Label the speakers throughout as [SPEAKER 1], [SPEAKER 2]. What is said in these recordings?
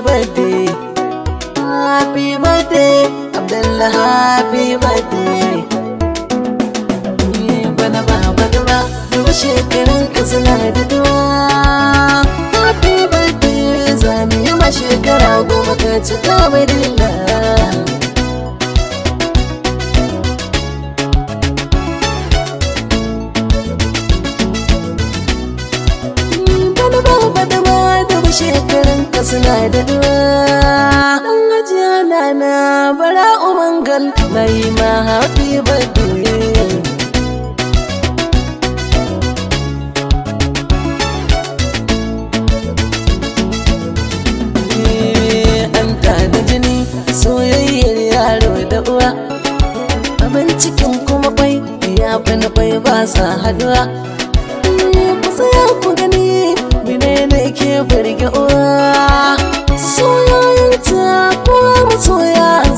[SPEAKER 1] birthday happy birthday abdullah happy birthday bana ba dubu shekarun da duwa happy birthday yi ma shekara goma ka cika mai na da ajiya na bara ubangal na yi ma happy birthday eh, yaro da uwa abin cikin kuma kwai ya fi na kwai ba sa haduwa eh, ku tsaya ku gani mene ne ke birge uwa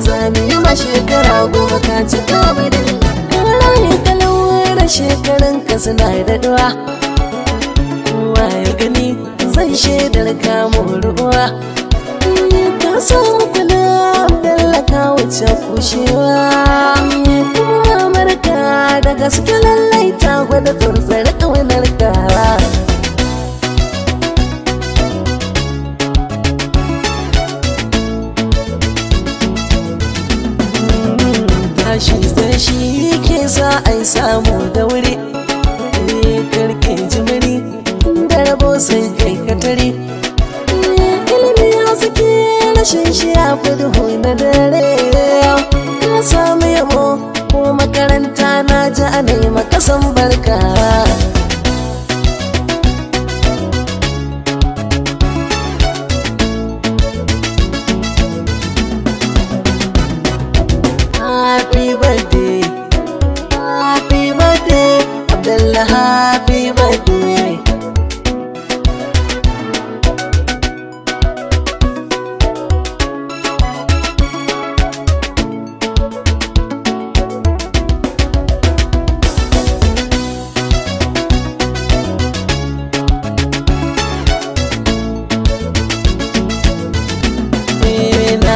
[SPEAKER 1] zami ma shekara goma ka ci kabari kan rayu kalawar shekarun ka suna daɗuwa kowa ya gani zan shaidar kamo ruwa ka san kula abdallaka wuce kushewa kuma amurka da gaske lallai ta gwada turfar shi ke za a yi samu da wuri ne eh, karke jimiri da rabo sai kai katari eh, ilimi ya suke rashin shi ya fudu duhu na dare ka samu yamo ko makaranta na ji a nema kasan barka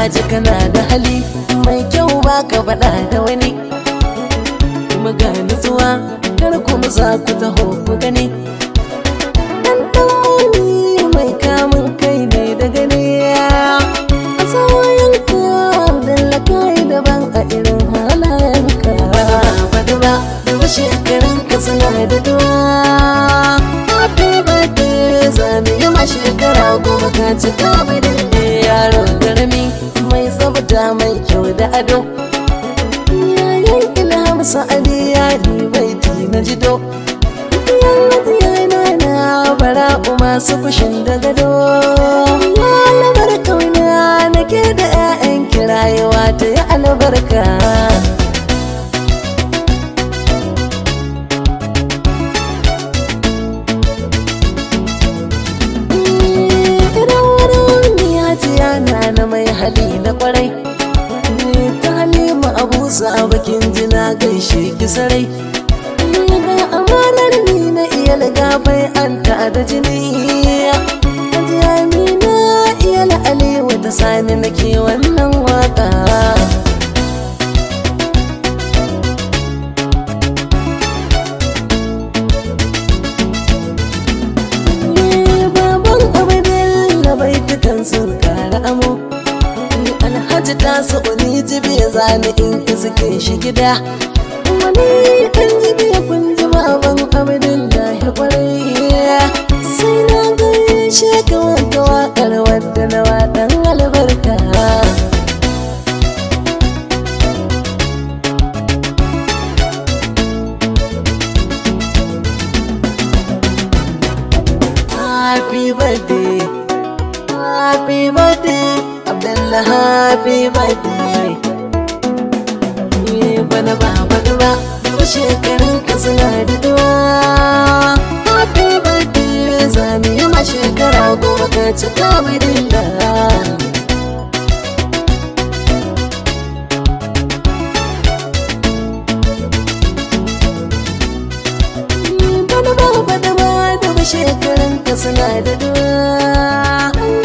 [SPEAKER 1] na ji kana da hali mai kyau ba ka faɗa da wani kuma zuwa kar kuma za ku taho ku gani mai kamun kai ne da gani a tsawayen kawo da daban a irin halayen ka fadila da shekarun ka suna da duwa happy birthday zami yi ma shekara goma ka ci kabadin ado yayin ina masa ade ya bai baiti na jido yan na na bara umar su kushin da gado ki sarai ga amanar ni na iya laga bai an ta da jini ke mina iya la'ale wata sani ke wannan waka alhaji ta su uni ya zane in iske shi gida Wani kan jiki ya kun zama ban abdin lahi kwarai sai na gaishe ka wata wakar wadda na wadan albarka Happy birthday, happy birthday, Abdullah, happy birthday. bana suna daɗuwa za mu yi ma shekara goma ka cika mai dinga shekarun ka suna da duwa